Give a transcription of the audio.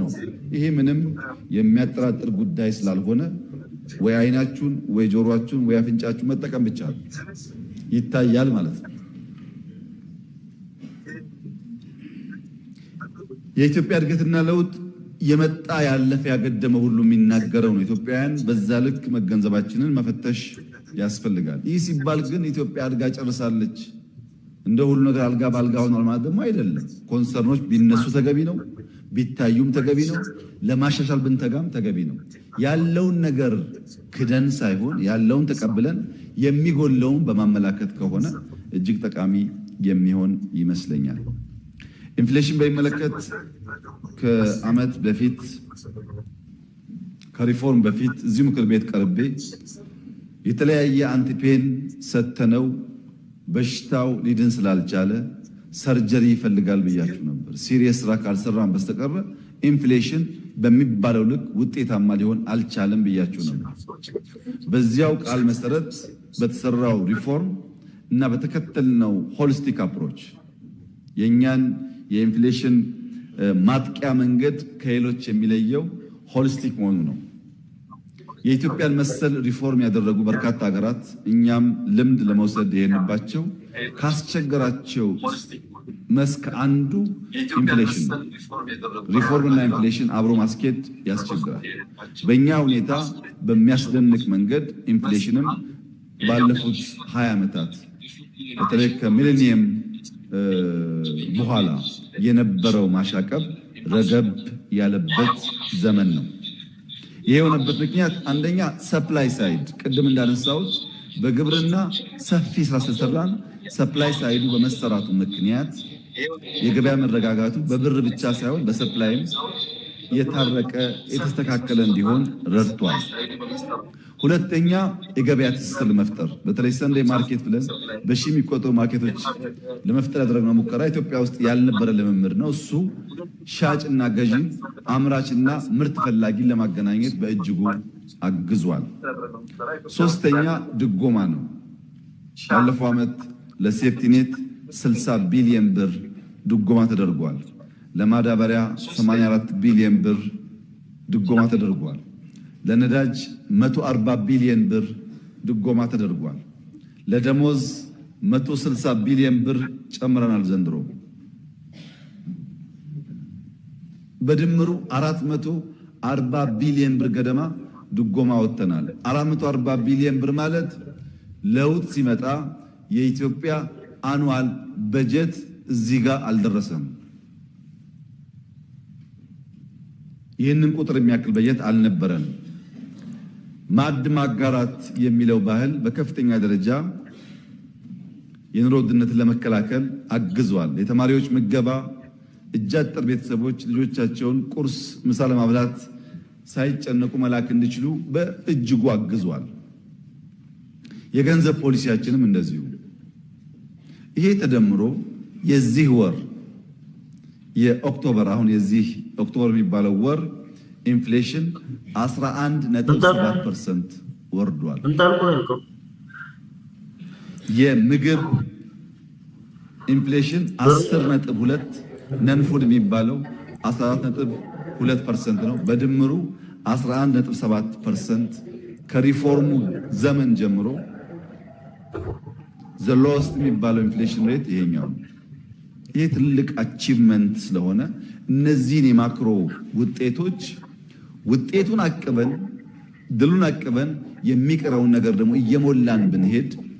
ነው። ይሄ ምንም የሚያጠራጥር ጉዳይ ስላልሆነ ወይ አይናችሁን ወይ ጆሮችሁን ወይ አፍንጫችሁን መጠቀም ብቻ ይታያል ማለት ነው። የኢትዮጵያ እድገትና ለውጥ የመጣ ያለፈ ያገደመ ሁሉ የሚናገረው ነው። ኢትዮጵያውያን በዛ ልክ መገንዘባችንን መፈተሽ ያስፈልጋል። ይህ ሲባል ግን ኢትዮጵያ አድጋ ጨርሳለች እንደ ሁሉ ነገር አልጋ ባልጋ ሆኗል ማለት ደግሞ አይደለም። ኮንሰርኖች ቢነሱ ተገቢ ነው፣ ቢታዩም ተገቢ ነው፣ ለማሻሻል ብንተጋም ተገቢ ነው። ያለውን ነገር ክደን ሳይሆን ያለውን ተቀብለን የሚጎለውን በማመላከት ከሆነ እጅግ ጠቃሚ የሚሆን ይመስለኛል። ኢንፍሌሽን በሚመለከት ከዓመት በፊት ከሪፎርም በፊት እዚሁ ምክር ቤት ቀርቤ የተለያየ አንቲፔን ሰተነው በሽታው ሊድን ስላልቻለ ሰርጀሪ ይፈልጋል ብያችሁ ነበር። ሲሪየስ ስራ ካልሰራን በስተቀረ ኢንፍሌሽን በሚባለው ልክ ውጤታማ ሊሆን አልቻለም ብያችሁ ነበር። በዚያው ቃል መሰረት በተሰራው ሪፎርም እና በተከተልነው ሆሊስቲክ አፕሮች የእኛን የኢንፍሌሽን ማጥቂያ መንገድ ከሌሎች የሚለየው ሆሊስቲክ መሆኑ ነው። የኢትዮጵያን መሰል ሪፎርም ያደረጉ በርካታ ሀገራት እኛም ልምድ ለመውሰድ የሄንባቸው ካስቸገራቸው መስክ አንዱ ኢንፍሌሽን ነው። ሪፎርምና ኢንፍሌሽን አብሮ ማስኬድ ያስቸግራል። በእኛ ሁኔታ በሚያስደንቅ መንገድ ኢንፍሌሽንም ባለፉት ሀያ ዓመታት በተለይ ከሚሌኒየም በኋላ የነበረው ማሻቀብ ረገብ ያለበት ዘመን ነው። ይሄ የሆነበት ምክንያት አንደኛ ሰፕላይ ሳይድ ቅድም እንዳነሳሁት በግብርና ሰፊ ስራ ስለሰራን ሰፕላይ ሳይዱ በመሰራቱ ምክንያት የገበያ መረጋጋቱ በብር ብቻ ሳይሆን በሰፕላይም የታረቀ የተስተካከለ እንዲሆን ረድቷል። ሁለተኛ የገበያ ትስስር መፍጠር፣ በተለይ ሰንደይ ማርኬት ብለን በሺ የሚቆጠሩ ማርኬቶች ለመፍጠር ያደረግነው ሙከራ ኢትዮጵያ ውስጥ ያልነበረ ልምምድ ነው። እሱ ሻጭና ገዢ አምራችና ምርት ፈላጊን ለማገናኘት በእጅጉ አግዟል። ሶስተኛ ድጎማ ነው። ባለፈው ዓመት ለሴፍቲኔት 60 ቢሊየን ብር ድጎማ ተደርጓል። ለማዳበሪያ 84 ቢሊየን ብር ድጎማ ተደርጓል። ለነዳጅ 140 ቢሊየን ብር ድጎማ ተደርጓል። ለደሞዝ 160 ቢሊየን ብር ጨምረናል ዘንድሮ በድምሩ 440 ቢሊየን ብር ገደማ ድጎማ ወጥተናል። 440 ቢሊየን ብር ማለት ለውጥ ሲመጣ የኢትዮጵያ አኑዋል በጀት እዚህ ጋር አልደረሰም። ይህንን ቁጥር የሚያክል በጀት አልነበረም። ማዕድ ማጋራት የሚለው ባህል በከፍተኛ ደረጃ የኑሮ ውድነትን ለመከላከል አግዟል። የተማሪዎች ምገባ እጃጠር ቤተሰቦች ልጆቻቸውን ቁርስ፣ ምሳ ለማብላት ሳይጨነቁ መላክ እንዲችሉ በእጅጉ አግዟል። የገንዘብ ፖሊሲያችንም እንደዚሁ። ይሄ ተደምሮ የዚህ ወር የኦክቶበር አሁን የዚህ ኦክቶበር የሚባለው ወር ኢንፍሌሽን 11.7 ፐርሰንት ወርዷል። የምግብ ኢንፍሌሽን 10.2 ነንፉድ የሚባለው 14.2 ፐርሰንት ነው። በድምሩ 11.7 ፐርሰንት ከሪፎርሙ ዘመን ጀምሮ ዘሎስት የሚባለው ኢንፍሌሽን ሬት ይሄኛው ነው። ይሄ ትልቅ አቺቭመንት ስለሆነ እነዚህን የማክሮ ውጤቶች ውጤቱን አቅበን ድሉን አቅበን የሚቀረውን ነገር ደግሞ እየሞላን ብንሄድ